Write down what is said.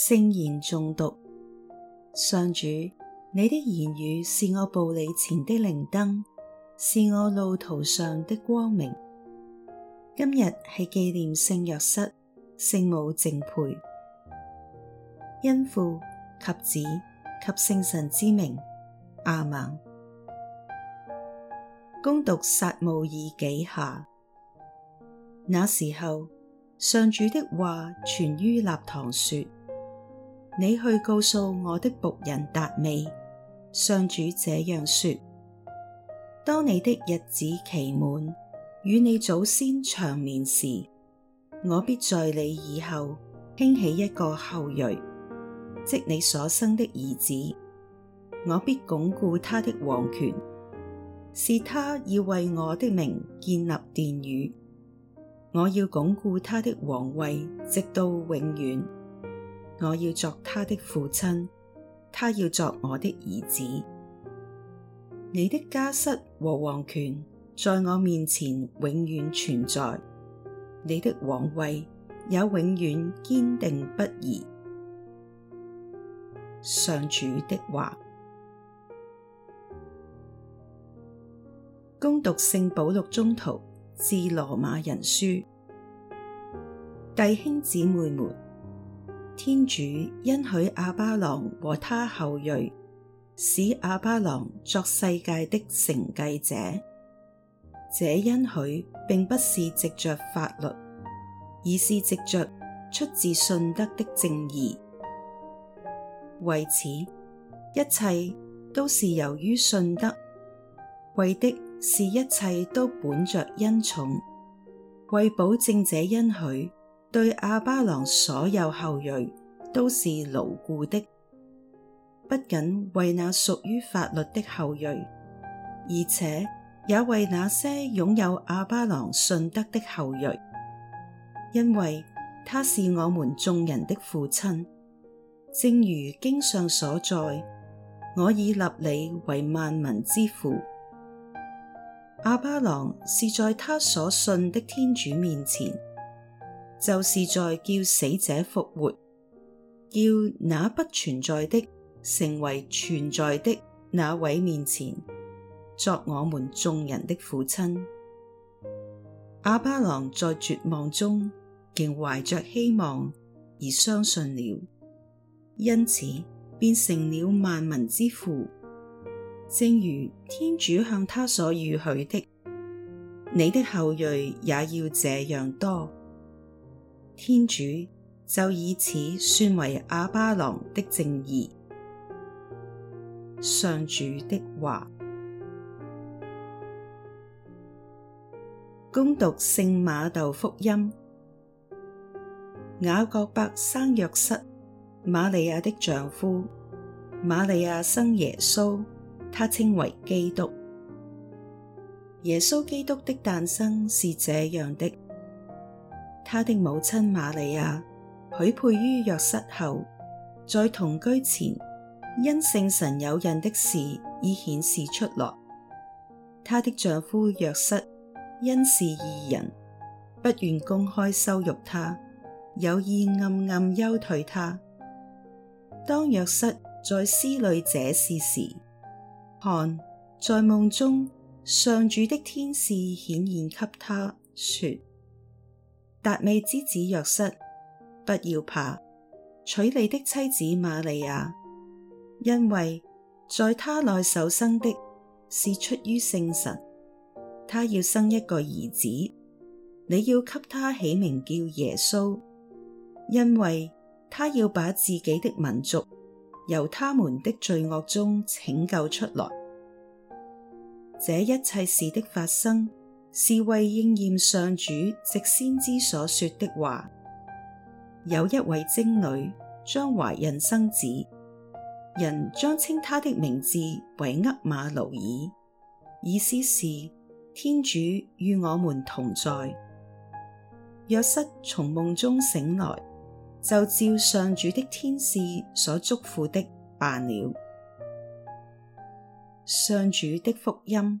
聖言誦讀，上主，你的言語是我步履前的靈燈，是我路途上的光明。今日係紀念聖若瑟、聖母淨配，因父及子及聖神之名，阿門。恭讀撒慕爾紀下，那時候，上主的話傳於納堂說。你去告訴我的僕人達味，上主這樣說：當你的日子期滿，與你祖先長眠時，我必在你以後興起一個後裔，即你所生的兒子。我必鞏固他的王權，是他要為我的名建立殿宇。我要鞏固他的王位，直到永遠。我要作他的父親，他要作我的兒子。你的家室和王權在我面前永遠存在，你的王位也永遠堅定不移。上主的話。恭讀聖保祿宗徒致羅馬人書，弟兄姊妹們。天主恩許亞巴郎和他後裔，使亞巴郎作世界的承繼者。這恩許並不是藉着法律，而是藉着出自信德的正義。為此，一切都是由於信德，為的是一切都本着恩寵，為保證這恩許。對亞巴郎所有後裔都是牢固的，不僅為那屬於法律的後裔，而且也為那些擁有亞巴郎信德的後裔，因為他是我們眾人的父親。正如經上所載，我已立你為萬民之父。亞巴郎是在他所信的天主面前。就是在叫死者復活，叫那不存在的成為存在的那位面前，作我們眾人的父親。亞巴郎在絕望中仍懷着希望而相信了，因此變成了萬民之父，正如天主向他所預許的。你的後裔也要這樣多。天主就以此算為亞巴郎的正義。上主的話，恭讀聖瑪竇福音。雅各伯生若瑟，瑪利亞的丈夫。瑪利亞生耶穌，他稱為基督。耶穌基督的誕生是這樣的。他的母親瑪利亞許配於若瑟後，在同居前，因聖神有孕的事已顯示出來。她的丈夫若瑟因是義人，不願公開羞辱她，有意暗暗休退她。當若瑟在思慮這事時，看，在夢中，上主的天使顯現給他，說。達味之子若瑟，不要怕，娶你的妻子瑪利亞，因為在他內受生的是出於聖神，他要生一個兒子，你要給他起名叫耶穌，因為他要把自己的民族由他們的罪惡中拯救出來，這一切事的發生。是為應驗上主藉先知所說的話。有一位貞女將懷孕生子，人將稱他的名字為厄瑪奴耳，意思是天主與我們同在。若瑟從夢中醒來，就照上主的天使所囑咐的辦了。上主的福音。